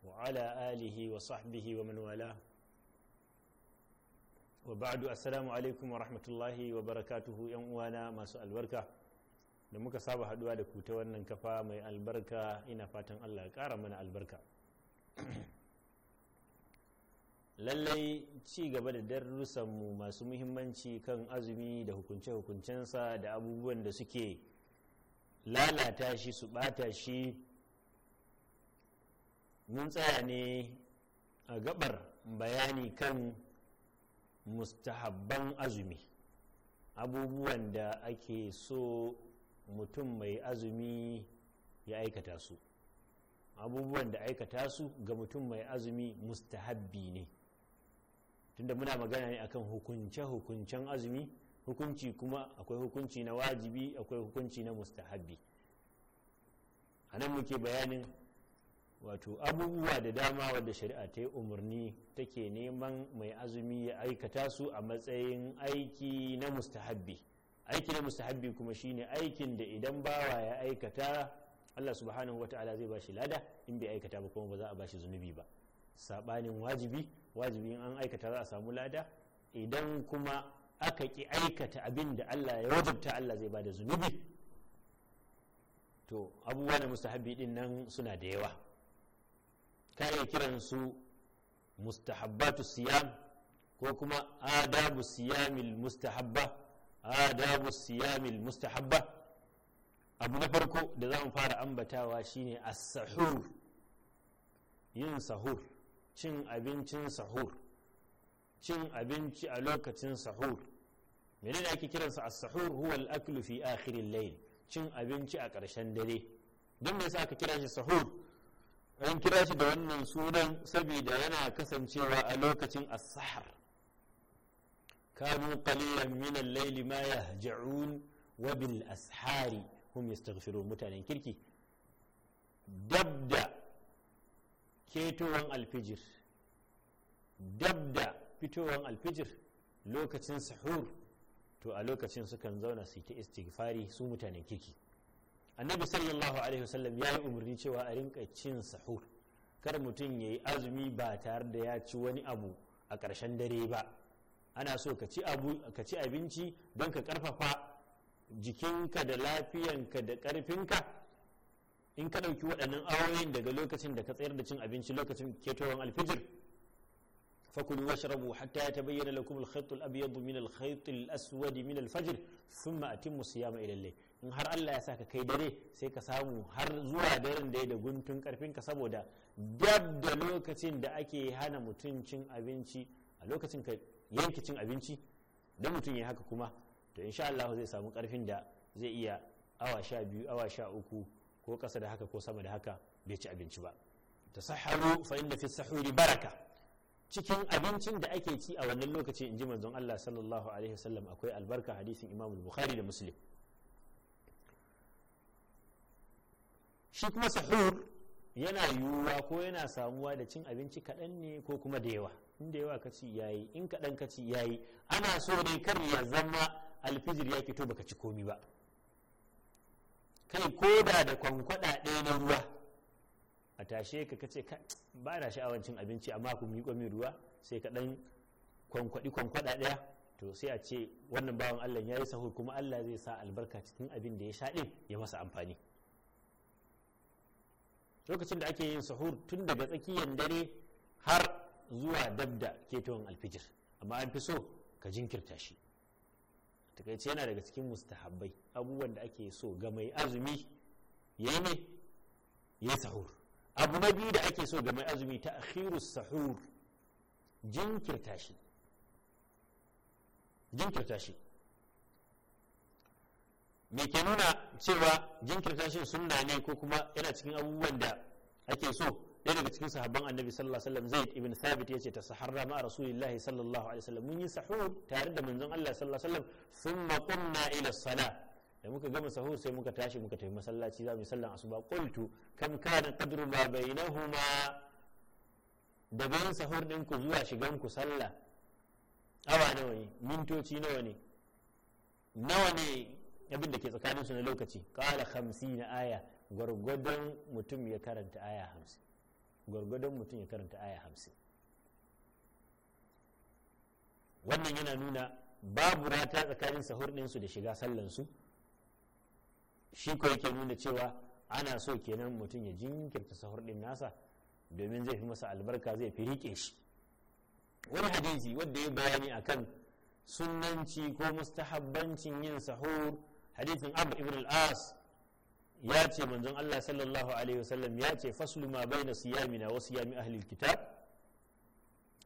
وعلى آله وصحبه ومن والاه وبعد السلام alaikum ورحمة الله وبركاته yan uwana masu albarka da muka saba haduwa da ku ta wannan kafa mai albarka ina fatan Allah kara albarka lallai ci gaba da darussanmu masu muhimmanci kan azumi da hukunce-hukuncensa da abubuwan da suke lalata shi su bata shi mun tsaya ne a gabar bayani kan mustahabban azumi abubuwan da ake so mutum mai azumi ya aikata su abubuwan da aikata su ga mutum mai azumi mustahabbi ne tunda muna magana ne akan hukunce-hukuncen azumi hukunci kuma akwai hukunci na wajibi akwai hukunci na mustahabbi a nan muke bayanin wato abubuwa da dama wadda shari'a ta yi umarni take neman mai azumi ya aikata su a matsayin aiki na mustahabbi aiki na mustahabbi kuma shine aikin da idan bawa ya aikata Allah subhanahu ta'ala zai bashi lada in bai aikata ba kuma ba za a bashi zunubi ba sabanin wajibi wajibi in an aikata za a samu lada idan kuma aka ki aikata abin da Allah ya wajabta Allah zai bada zunubi to abubuwa na mustahabbi din nan suna da yawa ka kiran su mustahabbatu siyam ko kuma adabu siyamil mustahabba adabu siyamil mustahabba abu na farko da za mu fara ambatawa shine as-sahur yin sahur cin abincin sahur cin abinci a lokacin sahur menene ake kiransa as-sahur huwa al-aklu fi akhir al-layl cin abinci a ƙarshen dare don me yasa aka kira shi sahur an kira shi da wannan sunan saboda yana kasancewa a lokacin asahar kanu qalilan min al-layli ma yahja'un wa bil ashari hum yastaghfirun mutanen kirki dabda ketowan alfijir dabda fitowan alfijir lokacin sahur to a lokacin sukan zauna su ta istighfari su mutanen kirki annabi sallallahu alaihi wasallam ya yi umarni cewa a rinka cin sahur kar mutum ya yi azumi ba tare da ya ci wani abu a ƙarshen dare ba ana so ka ci abinci don ka karfafa jikinka da lafiyanka da ƙarfinka in ka ɗauki waɗannan awoyin daga lokacin da ka tsayar da cin abinci lokacin ketowar alfijir فكلوا واشربوا حتى يتبين لكم الخيط الأبيض من الخيط الأسود من الفجر ثم أتموا الصيام إلى الليل in har Allah ya sa ka kai dare sai ka samu har zuwa daren da ya da guntun karfin ka saboda dab da lokacin da ake hana mutum cin abinci a lokacin ka yanke cin abinci da mutum ya haka kuma to insha Allah zai samu karfin da zai iya awa sha biyu awa sha uku ko ƙasa da haka ko sama da haka bai ci abinci ba tasahharu fa inna fi sahuri baraka cikin abincin da ake ci a wannan lokaci in ji manzon Allah sallallahu alaihi wasallam akwai albarka hadisin Imam Bukhari da Muslim shi kuma sahur yana yiwuwa ko yana samuwa da cin abinci kaɗan ne ko kuma da yawa in da yawa kaci yayi in kaɗan kaci yayi ana so dai kar ya zama alfijir ya fito baka ci komi ba kai koda da kwankwada ɗaya na ruwa a tashe ka kace ka ba na sha'awar cin abinci amma ku miƙo min ruwa sai ka dan kwankwaɗi kwankwaɗa ɗaya to sai a ce wannan bawan Allah ya yi sahur kuma Allah zai sa albarka cikin abin da ya sha ɗin ya masa amfani lokacin da ake yin sahur tun daga tsakiyar dare har zuwa dabda ketowar alfijir amma an fi so ka jinkirta shi takaice yana daga cikin mustahabbai abubuwan da ake so ga mai azumi ya yi ya sahur abu na biyu da ake so ga mai azumi ta akhirus sahur jinkirta shi jinkirta shi me ke nuna cewa jinkirta shi sunna ne ko kuma yana cikin abubuwan da ake so ɗaya daga cikin sahabban annabi sallallahu alaihi wasallam zaid ibn sabit yace ta saharra ma rasulillahi sallallahu alaihi wasallam mun yi sahur tare da manzon Allah sallallahu alaihi wasallam thumma qumna ila salat da muka gama sahur sai muka tashi muka tafi masallaci za mu sallan asuba qultu kam kana qadru ma bainahuma da bayan sahur din ku zuwa shigan ku sallah awa nawa ne mintoci nawa ne nawa ne abin da ke tsakanin su na lokaci qala 50 aya gwargwadon mutum ya karanta aya 50 gwargwadon mutum ya karanta aya 50 wannan yana nuna babu rata tsakanin sahur ɗinsu da shiga sallansu shi ko yake nuna cewa ana so kenan mutum ya jinkirta sahur din nasa domin zai fi masa albarka zai fi rike shi wani hadisi wanda ya bayani akan sunnanci ko mustahabbancin yin sahur hadisin abu ibn al-as ya ce manzon Allah sallallahu alaihi wasallam ya ce faslu ma baina siyamina wa siyami ahli kitab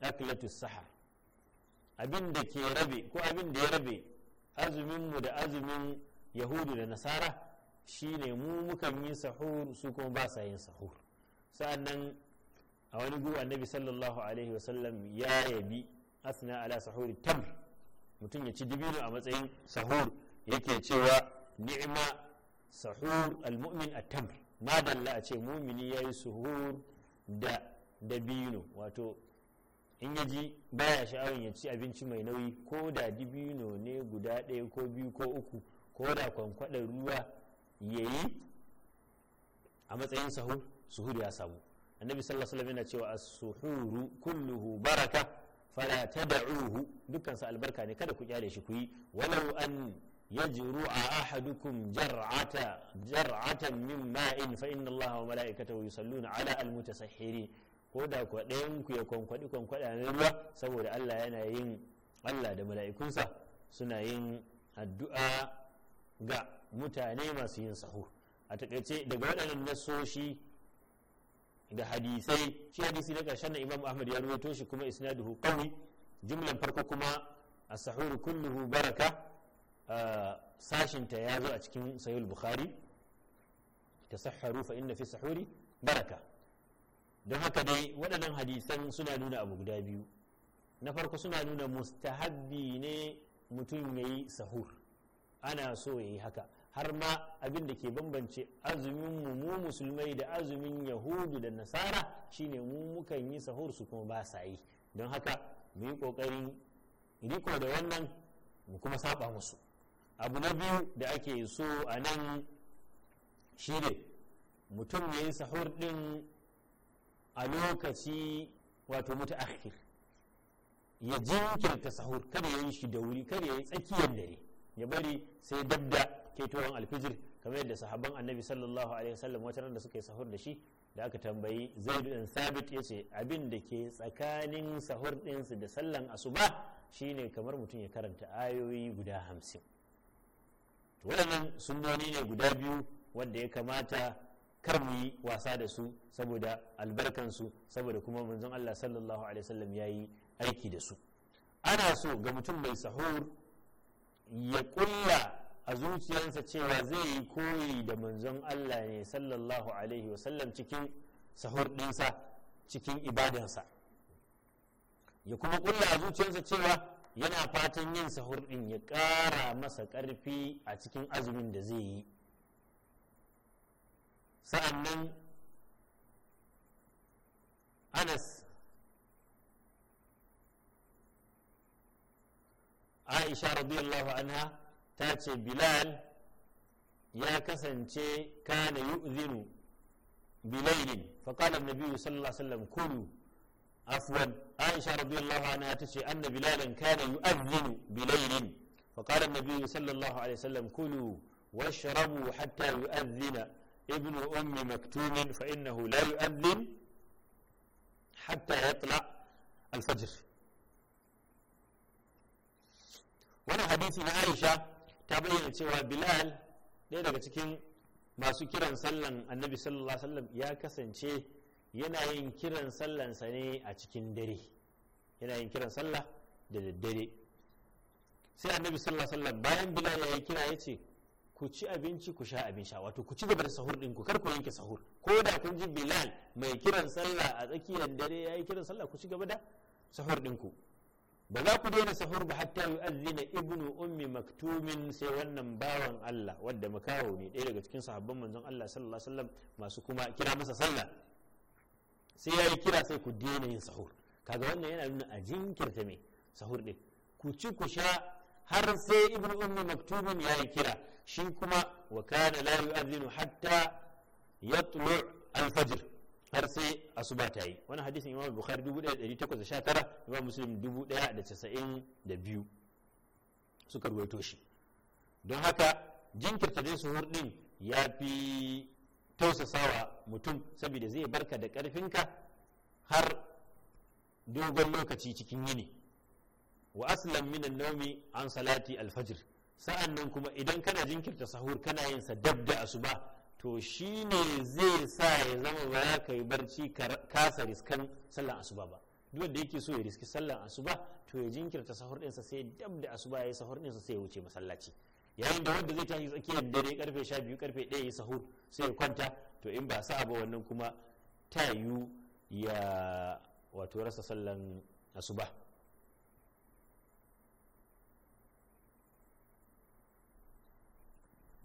aklatus sahar abin da ke rabe ko abin da ya rabe azumin mu da azumin yahudu da nasara shine mu mukan yi sahur su kuma ba sa yin sahur sa'annan a wani gu annabi sallallahu alaihi wasallam ya yabi asna ala sahur tamr mutum ya ci dibino a matsayin sahur yake cewa ni'ma sahur almu'min at-tamr madalla a ce mumini yayi suhur da dabino wato in ya ji baya sha'awin ya ci abinci mai nauyi ko da dibino ne guda ɗaya ko biyu ko uku ko da kwankwaɗa ruwa yayi a matsayin sahur suhur ya samu annabi sallallahu alaihi yana cewa as-suhuru kulluhu baraka fala tad'uhu dukkan sa albarka ne kada ku kyale shi ku yi walau an يجرؤ أحدكم جرعة جرعة من ماء فإن الله وملائكته ala على المتسحرين koda ku ɗayan ku ya kwankwaɗi kwankwaɗa na ruwa saboda Allah yana yin Allah da mala'ikunsa suna yin addu'a ga mutane masu yin sahu a takaice daga waɗannan nasoshi da hadisai shi hadisi na ƙarshen na imam ahmad ya rubuto shi kuma isnaduhu qawi jumlan farko kuma as-sahur kulluhu baraka sashin ya zo a cikin sahih bukhari tasahharu fa inna fi sahuri baraka don haka dai waɗannan hadisan suna nuna abu guda biyu na farko suna nuna mustahabbi ne mutum ya yi sahur ana so ya yi haka har ma abin da ke bambance azumin mu mu musulmai da azumin yahudu da nasara shine mu mukan yi sahur su kuma ba sa yi don haka mu yi kokarin riko da wannan mu kuma saba musu abu na biyu da ake so a nan shine mutum ya yi sahur din a lokaci wato mutaakhir ya jinkirta sahur kada ya yi shi da wuri kada ya yi tsakiyar dare ya bari sai dabda ketowar alfijir kamar yadda sahabban annabi sallallahu alaihi wasallam wata ran da suka sahur da shi da aka tambayi zaid bin sabit yace abin da ke tsakanin sahur ɗinsu da sallan asuba shine kamar mutum ya karanta ayoyi guda hamsin to waɗannan sunnoni ne guda biyu wanda ya kamata kar mu yi wasa da su saboda albarkansu saboda kuma manzon Allah sallallahu alaihi wasallam ya yi aiki da su ana so ga mutum mai sahur ya kulla a zuciyarsa cewa zai yi koyi da manzon Allah ne sallallahu alaihi wasallam cikin sahur cikin ibadansa ya kuma kulla a zuciyarsa cewa yana fatan yin sahur ɗin ya kara masa karfi a cikin azumin da zai yi sa'annan anas aisha radiyallahu anha ta ce bilal ya kasance kana yu'zinu bilailin faqala annabi sallallahu alaihi wasallam kulu afwan aisha radiyallahu anha ta ce anna bilalan kana yu'adhinu bilailin faqala annabi sallallahu alaihi wasallam kulu washrabu hatta yu'adhina ابن أم مكتوم فإنه لا يؤذن حتى يطلع الفجر وانا حديثي عائشة ta bayyana cewa bilal ɗaya daga cikin masu kiran sallan annabi sallallahu alaihi ya kasance yana yin kiran sallansa ne a cikin dare yana yin kiran sallah da daddare sai annabi sallallahu alaihi bayan bilal ya yi kira ya ce ku ci abinci ku sha abin sha wato ku ci gaba da sahur ɗinku kar ku yanke sahur ko da kun ji bilal mai kiran sallah a tsakiyar dare ya yi kiran sallah ku ci gaba da sahur ɗinku. ba za ku daina sahur ba hatta yu'azzina ibnu ummi maktumin sai wannan bawan Allah wadda makawo ne ɗaya daga cikin sahabban manzon Allah sallallahu alaihi wasallam masu kuma kira masa sallah sai yi kira sai ku daina yin sahur kaga wannan yana nuna a jinkirta me sahur din ku ci ku sha har sai ibnu ummi maktumin yayi kira shi kuma wa kana la yu'azzinu hatta yatlu al-fajr har sai asuba ta yi wani hadisin imam bukhari 1819 imam muslim biyu suka ruwaito shi don haka jinkirta dai suhur din ya fi tausasawa mutum saboda zai barka da karfinka har dogon lokaci cikin yini wa aslan minan naumi an salati alfajir sa'annan kuma idan kana jinkirta sahur kana yin sa dab da asuba to shi ne zai sa ya zama ba ya kai barci kasa riskan sallan asuba ba duk wanda yake so ya riski sallan asuba to ya jinkirta sahur ɗinsa sai dab da asuba ya yi sahur ɗinsa sai ya wuce masallaci yayin da wanda zai tashi tsakiyar dare karfe sha biyu karfe ɗaya ya yi sahur sai ya kwanta to in ba sa ba wannan kuma ta yiwu ya wato rasa sallan asuba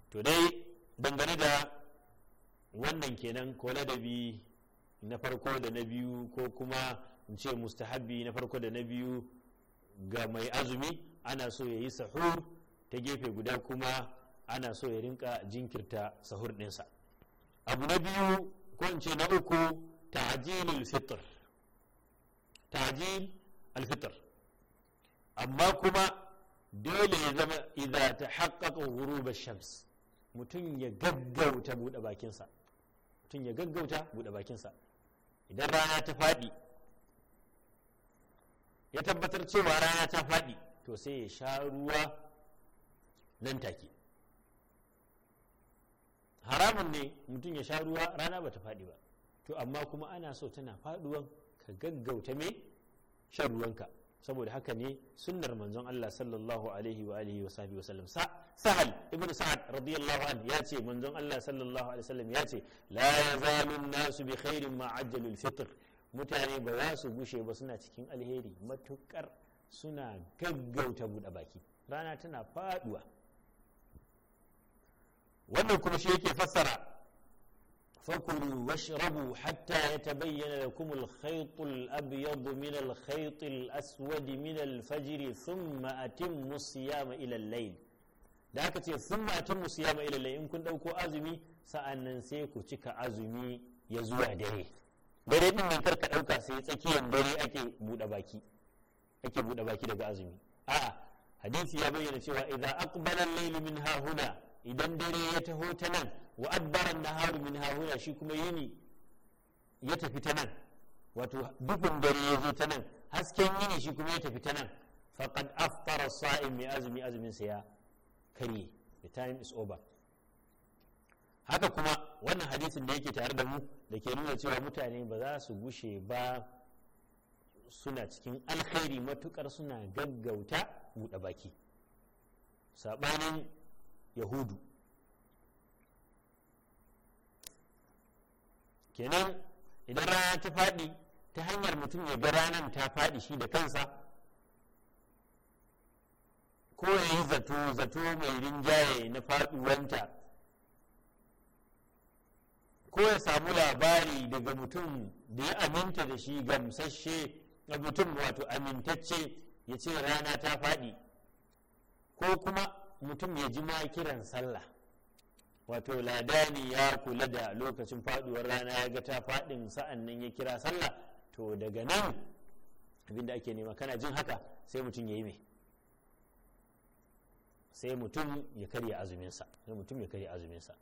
to dai dangane da wannan kenan ko ladabi na farko da na biyu ko kuma in ce mustahabbi na farko da na biyu ga mai azumi ana so ya yi sahur ta gefe guda kuma ana so ya rinka jinkirta sahur ɗinsa abu na biyu ko in ce na uku ta'ajilul fitr ta'jil alfitr amma kuma dole ya zama idza tahaqqaqa ghurub ash-shams mutum ya gaggauta buɗe bakinsa mutum ya gaggauta buɗe bakinsa idan rana ta faɗi ya tabbatar cewa rana ta faɗi to sai ya sha ruwa nan take haramun ne mutum ya sha ruwa rana ba ta faɗi ba to amma kuma ana so tana faɗuwan ka gaggauta me shan ruwanka saboda haka ne sunnar manzon Allah sallallahu alaihi wa alihi wa sahbihi wa sallam sa sahal ibn sa'ad radiyallahu anhu ya ce manzon Allah sallallahu ya ce la yazalu nasu bi khairin ma ajjalul mutane ba za su bushe ba suna cikin alheri matukar suna ta buɗe baki rana tana faɗuwa. wannan kuma shi yake fassara fakulu washrabu hatta ya ta bayyana da al-abyad min al-khayt Aswadi aswad Fajiri al-fajr thumma atimmu siyama ila al-layl da aka ce sun matan musu ya ilalai in kun dauko azumi sa'annan sai ku cika azumi ya zuwa dare dare din nan karka dauka sai tsakiyar dare ake buɗe baki ake buɗe baki daga azumi a'a hadisi ya bayyana cewa idan aqbala al-layl min hahuna idan dare ya taho ta nan wa adbara an-nahar min hahuna shi kuma yini ya tafi ta nan wato dukun dare ya zo ta nan hasken yini shi kuma ya tafi ta nan faqad aftara saim mai azumi azumin sa karye the time is over haka kuma wannan hadisin da yake tare da mu da ke nuna cewa mutane ba za su gushe ba suna cikin alkhairi matukar suna gaggauta buɗe baki saɓanin yahudu kenan idan rana ta faɗi ta hanyar mutum ya ga ranar ta faɗi shi da kansa ko ya yi zato zato mai rinjaye na faduwanta ko ya samu labari daga mutum da ya aminta da shi gamsashe da mutum wato amintacce ya ce rana ta faɗi ko kuma mutum ya ji ma kiran sallah wato ladani ya kula da lokacin faduwar rana ya ga ta faɗin sa'an nan ya kira sallah to daga nan abinda ake nema kana jin haka sai mutum ya yi mai sai mutum ya karya azuminsa sai mutum ya karya azuminsa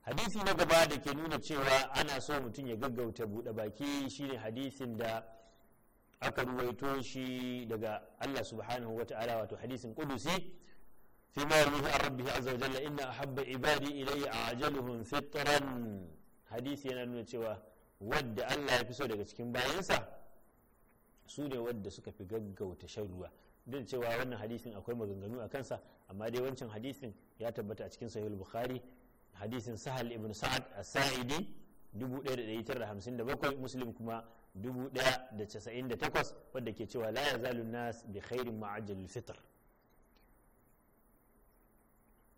hadisi na gaba da ke nuna cewa ana so mutum ya gaggauta buɗe baki shine hadisin da aka ruwaito shi daga Allah subhanahu wa ta'ala wato hadisin kudusi fi ma yuhi an azza wa jalla inna ahabba ibadi ilayya ajaluhum fitran hadisi yana nuna cewa wadda Allah ya fi so daga cikin bayansa su ne wadda suka fi gaggauta shan ruwa din cewa wannan hadisin akwai maganganu a kansa amma dai wancan hadisin ya tabbata a cikin sahihul bukhari hadisin sahal ibn sa'ad as-sa'idi 1157 muslim kuma 1098 wadda ke cewa la yazalu nas bi khairin ma'ajil fitr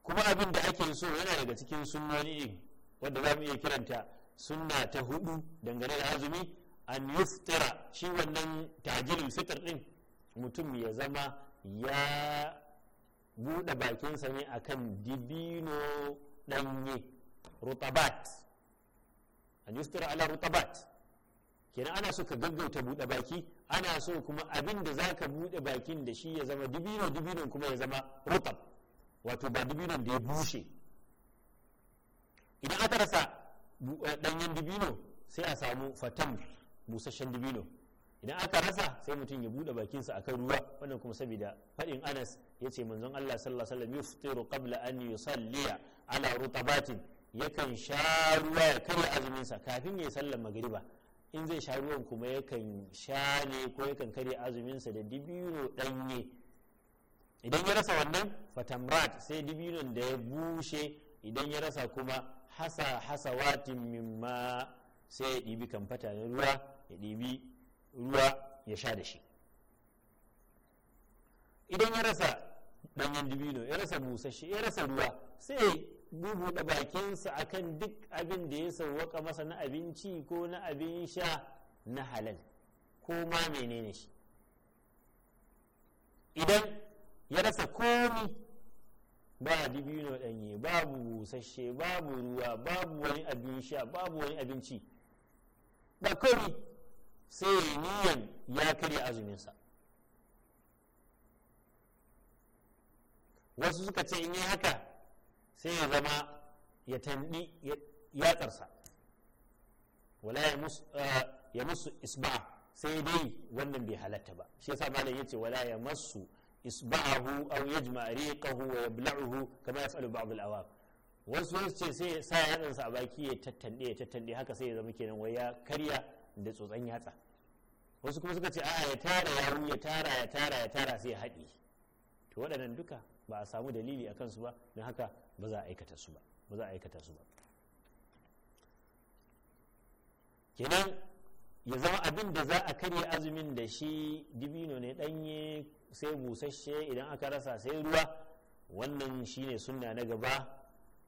kuma abin da ake so yana daga cikin sunnoni wanda za mu iya kiranta sunna ta hudu dangane da azumi an yuftira shi wannan tajirin fitr din mutum ya zama ya bude bakinsa ne akan dibino danye rutabat an yustira ala rutabat kenan ana so ka gaggauta bude baki ana so kuma abin da za ka buɗe bakin da shi ya zama dibino dibino kuma ya zama rutab wato ba dibino da ya bushe idan aka rasa danyen eh, dibino sai a samu fatam busasshen dibino idan aka rasa sai mutum ya bude bakinsa akan ruwa wannan kuma saboda fadin Anas ya yace manzon Allah sallallahu alaihi wasallam yuftiru qabla an yusalliya ala rutabatin yakan sha ruwa ya karya azuminsa kafin ya yi sallar magriba in zai sha ruwan kuma yakan sha ne ko yakan karya azumin sa da dibino danye idan ya rasa wannan fatamrat sai dibinon da ya bushe idan ya rasa kuma hasa hasawatin mimma sai ya ɗibi kamfata na ruwa ya ɗibi ruwa ya sha da shi idan ya rasa ɗanyen dibino ya rasa busasshe ya rasa ruwa sai bubuɗe bakinsa akan duk abin da ya sauwaka masa na abinci ko na abin sha na halal ko ma menene shi idan ya rasa komi ba dibino ɗanye babu busasshe babu ruwa babu wani abin sha babu wani abinci ba komi sai ya niyan ya karya azuminsa wasu suka ce in yi haka sai ya zama ya ya yatsarsa wala ya eh, musu isba sai dai wannan bai halatta ba shi yasa malam ce wala ya masu isba'ahu aw yajma riqahu wa yabla'uhu kama yaf'alu ba'd al-awam wasu ce sai sa yatsansa a baki ya tattande ya tattande haka sai ya zama kenan wai ya karya da tsotsan yatsa wasu kuma suka ce a ya tara ya ya tara ya tara ya tara sai ya haɗe to waɗannan duka ba a samu dalili a kansu ba don haka ba za a aikata su ba ba za a aikata su ba kenan ya zama abin da za a karya azumin da shi dibino ne ɗanye sai busasshe idan aka rasa sai ruwa wannan shine sunna na gaba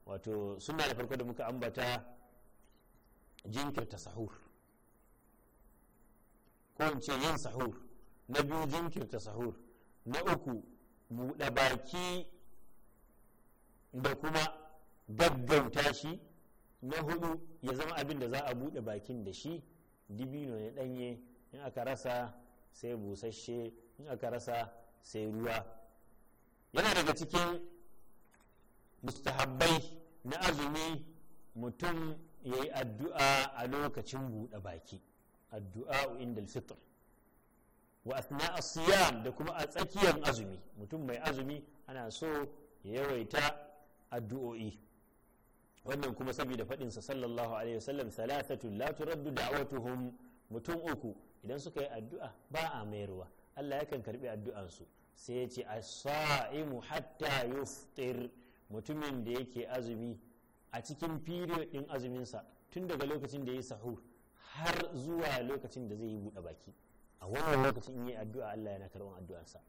wato sunna da farko da muka ambata jinkirta sahur ko in yin sahur na biyu jinkirta sahur na uku buɗe baki da kuma gaggauta shi na hudu ya zama abin da za a buɗe bakin da shi dibino ya ɗanye in aka rasa sai busasshe in aka rasa sai ruwa yana daga cikin mustahabbai na azumi mutum ya yi addu'a a lokacin buɗe baki addu'a inda alfitr wa asna siyam da kuma a tsakiyar azumi mutum mai azumi ana so ya yawaita addu'o'i wannan kuma saboda faɗinsa sallallahu alaihi wasallam salatatu la turaddu da'watuhum mutum uku idan suka yi addu'a ba a mayarwa Allah yakan karbi addu'ansu sai ya ce as-sa'imu hatta yuftir mutumin da yake azumi a cikin period din azuminsa tun daga lokacin da ya yi sahur har zuwa lokacin da zai yi buɗe baki a wannan lokacin in yi addu'a Allah yana karɓar addu'arsa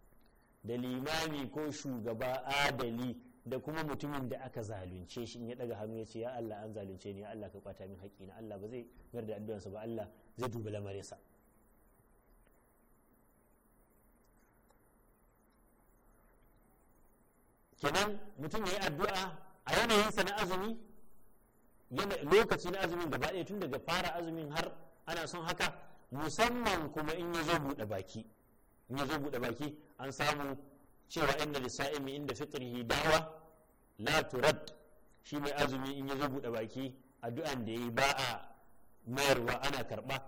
da limami ko shugaba adali da kuma mutumin da aka zalunce shi in ya daga hannu ya ce ya Allah an zalunce ni ya Allah ka kwata min haƙƙi na Allah ba zai yarda da addu'arsa ba Allah zai duba lamarinsa kenan mutum ya yi addu'a a yanayinsa na azumi lokaci na azumin gaba ɗaya tun daga fara azumin har ana son haka musamman kuma in ya zo buɗe baki in ya zo buɗe baki an samu cewa inda lisa'imi inda fitrihi dawa la turad shi mai azumi in ya zo buɗe baki addu'an da yayi ba a mayarwa ana karɓa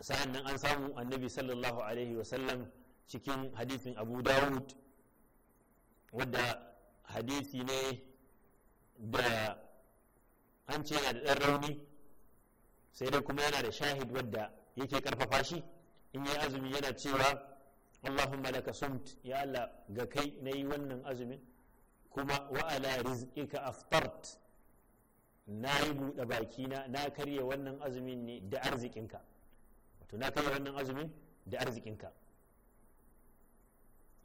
sannan an samu annabi sallallahu alaihi wa sallam cikin hadisin abu dawud wadda hadisi ne da an ce yana da ɗan rauni sai dai kuma yana da shahid wadda yake karfafa shi in yi azumi yana cewa allahumma laka sumt ya allah ga kai na yi wannan azumin kuma wa ala rizqika aftart na yi buɗe baki na na karya wannan azumin ne da arzikinka wato na karya wannan azumin da arzikinka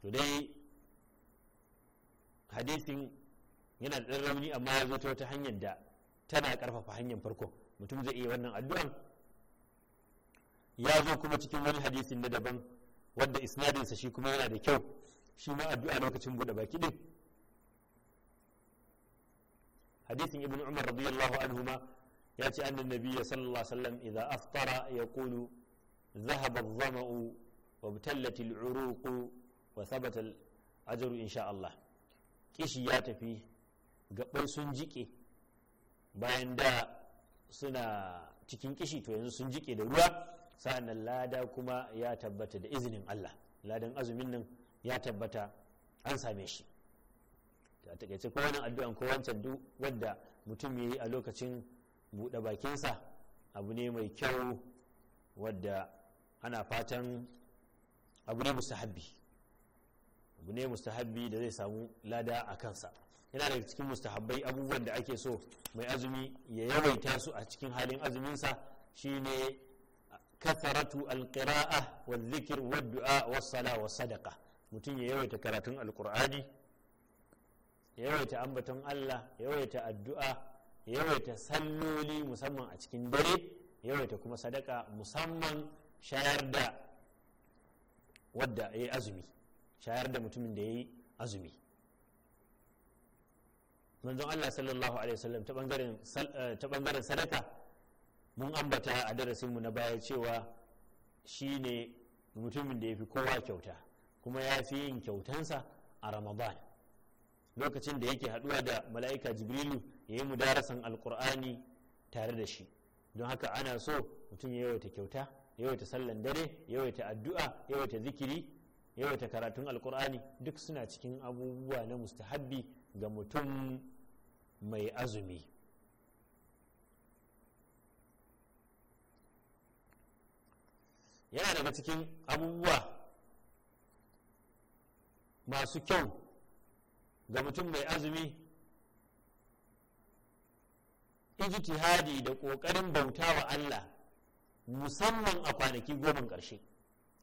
to dai hadisin yana da ɗan rauni amma ya zo ta wata hanyar da tana karfafa hanyar farko mutum zai iya wannan addu'an ya zo kuma cikin wani hadisin na daban wanda isnadinsa shi kuma yana da kyau shi ma addu'a lokacin buɗe baki din hadisin ibn umar radiyallahu anhu ma ya ce annan nabiyya sallallahu alaihi wasallam idza aftara yaqulu ذهب الظمأ وابتلت العروق وثبت الأجر إن شاء الله kishi ya tafi gaban sun jike bayan da suna cikin kishi to yanzu sun jike da ruwa sa'annan lada kuma ya tabbata da izinin Allah ladan azumin nan ya tabbata an same shi a takaice ko wannan addu'an ko wancan duk wanda mutum yayi a lokacin buɗe bakinsa abu ne mai kyau wadda ana fatan abu ne mustahabbi abu ne mustahabbi da zai samu lada a kansa yana daga cikin mustahabbai abubuwan da ake so mai azumi ya yawaita su a cikin halin azuminsa shine kasaratu alqira'a wal zikir wad du'a wa sala was sadaqa mutum ya yawaita karatun alqur'ani ya yawaita ambaton Allah ya yawaita addu'a ya yawaita salloli musamman a cikin dare ya yawaita kuma sadaka musamman shayar da wadda ya yi azumi shayar da mutumin da ya yi azumi manzon Allah sallallahu alaihi wasallam ta bangaren eh, ta bangaren sadaka mun ambata a darasin mu na baya cewa shine mutumin da yafi kowa kyauta kuma ya fi yin kyautansa a Ramadan lokacin da yake haduwa da mala'ika Jibrilu ya yi mudarasan alkur'ani tare da shi don haka ana so mutum ya yawaita kyauta yawaita sallan dare yawaita addu'a yawaita zikiri yawaita karatun alkur'ani duk suna cikin abubuwa na mustahabbi ga mutum mai azumi yana daga cikin abubuwa masu kyau ga mutum mai azumi ijtihadi da ƙoƙarin bauta wa Allah musamman a kwanaki goma ƙarshe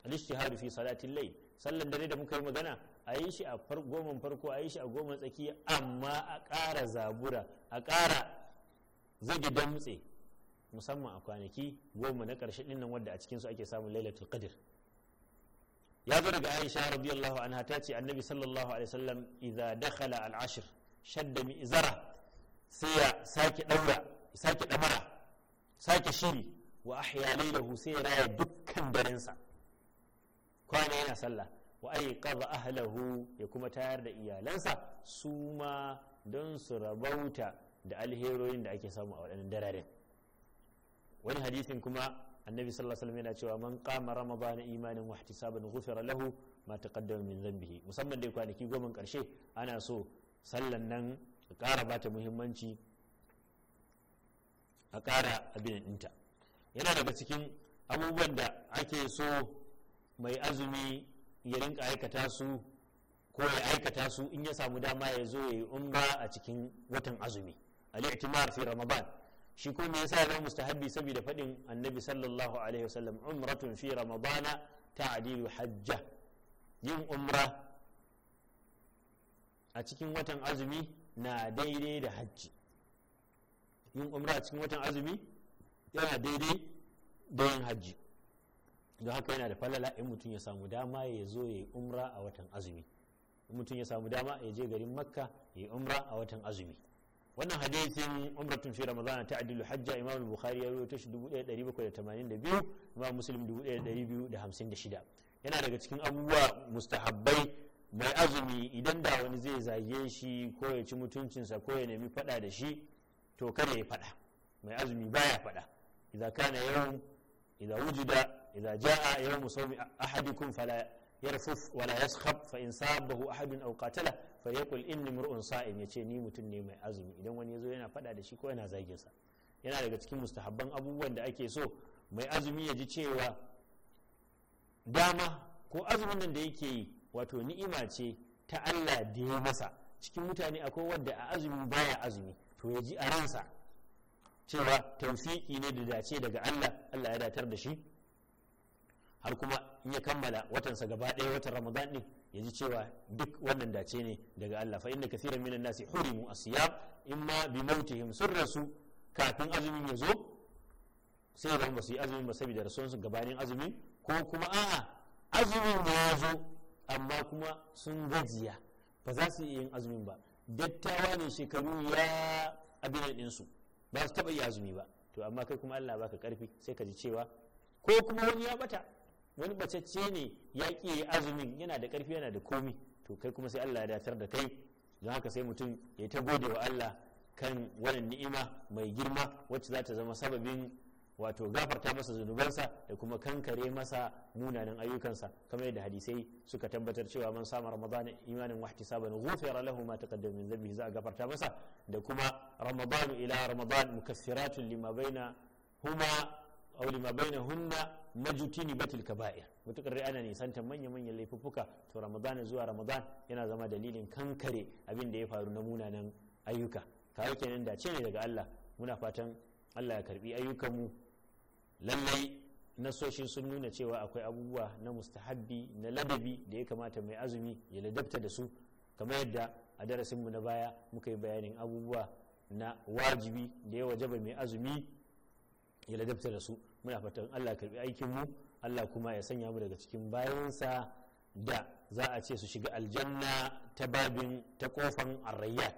al-ijtihadu fi salatin lai, sallan dare da muka yi magana a yi shi a goman farko a yi shi a goman tsaki amma a ƙara zabura a ƙara zage damtse musamman a kwanaki goma na ƙarshe ɗin nan wadda a cikinsu ake samun lailatul qadr ya zo daga aisha radiyallahu anha ta ce annabi sallallahu alaihi wasallam idza dakhala al ashr shadda mi izara sai ya sake daura sake damara sake shiri wa ahya lailahu sai ya raya dukkan darensa kwana yana sallah wa aiqadha ahlahu ya kuma tayar da iyalansa su ma don su rabauta da alheroyin da ake samu a waɗannan dararen wani hadisin kuma annabi sallallahu alaihi wasallam yana cewa man qama ramadana imanin wa ihtisaban ghufira lahu ma taqaddama min dhanbihi musamman dai kwanaki goma karshe ana so sallan nan ka ƙara bata muhimmanci a ƙara abin ɗinta yana daga cikin abubuwan da ake so mai azumi ya rinka aikata su ko ya aikata su in ya samu dama ya zo ya yi umra a cikin watan azumi al-i'timar fi ramadan shi kuma yasa ya zama mustahabbi saboda faɗin annabi sallallahu alaihi wasallam umratun fi ta ta'dilu hajja yin umra a cikin watan azumi na daidai da hajji yin umra a cikin watan azumi yana daidai da yin hajji don haka yana da falala in mutum ya samu dama ya zo ya yi umra a watan azumi in mutum ya samu dama ya je garin makka ya yi umra a watan azumi wannan hadisin umratun fi ramadana ta adilu hajja imam bukhari ya rawaito shi 1782 imam muslim 1256 yana daga cikin abubuwa mustahabbai mai azumi idan da wani zai zage shi ko ya ci mutuncinsa ko ya nemi fada da shi to kada ya fada mai azumi baya fada idan kana yawm idan wujuda إذا جاء يوم صوم أحدكم فلا يرفث ولا يسخب فإن صابه أحد أو قاتله امرؤ صائم yace ni mutum ne mai azumi idan wani zo yana fada da shi ko yana zagin sa yana daga cikin mustahabban abubuwan da ake so mai azumi ya ji cewa dama ko azumin nan da yake yi wato ni'ima ce ta Allah da ya masa cikin mutane akwai wanda a azumi baya azumi to ya ji a ransa cewa tawfiki ne da dace daga Allah Allah ya datar da shi har kuma in ya kammala watansa gaba ɗaya watan ramadan din ya ji cewa duk wannan dace ne daga Allah fa inna kathiran minan nasi hurimu asiyam imma bi mautihim sun kafin azumin ya zo sai da ba su yi azumin ba saboda rasuwansu gabanin azumin. ko kuma a'a azumin ba ya zo amma kuma sun gajiya ba za su iya azumin ba dattawa ne shekaru ya abin su ba su taɓa yi azumi ba to amma kai kuma Allah baka karfi sai ka ji cewa ko kuma wani ya bata wani bacacce ne ya ƙi azumin yana da ƙarfi yana da komi to kai kuma sai Allah ya datar da kai don haka sai mutum ya ta gode wa Allah kan wannan ni'ima mai girma wacce za ta zama sababin wato gafarta masa zunubansa da kuma kankare masa munanan ayyukansa kamar yadda hadisai suka tabbatar cewa man sama ramadan imanin wahtisaban ghufira lahu ma taqaddama min dhanbihi za a gafarta masa da kuma ramadan ila ramadan mukassiratun lima baina huma aw lima hunna majutini batil kaba'ir mutukar rai ana nisantar manya-manyan laifuka to ramadan zuwa ramadan yana zama dalilin kankare abin da ya faru na munanan ayyuka kawai kenan da ce ne daga Allah muna fatan Allah ya karbi mu. lallai nasoshin sun nuna cewa akwai abubuwa na mustahabbi na ladabi da ya kamata mai azumi ya ladabta da su kamar yadda a darasin mu na baya muka yi bayanin abubuwa na wajibi da ya wajaba mai azumi ya ladabta da su muna fatan Allah karbi aikin mu Allah kuma ya sanya mu daga cikin bayansa da za a ce su shiga aljanna ta babin ta kofan arrayya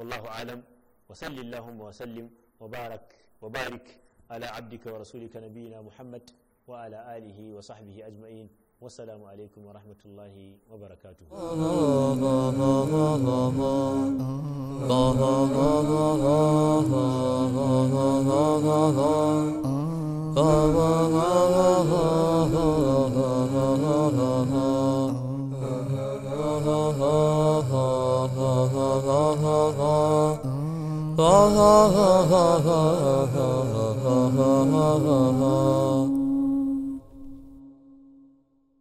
wallahu alam wa sallallahu wa sallim wa barak wa barik ala abdika wa rasulika nabiyina muhammad wa ala alihi wa sahbihi ajma'in والسلام عليكم ورحمة الله وبركاته Ha ha ha ha ha ha ha ha ha ha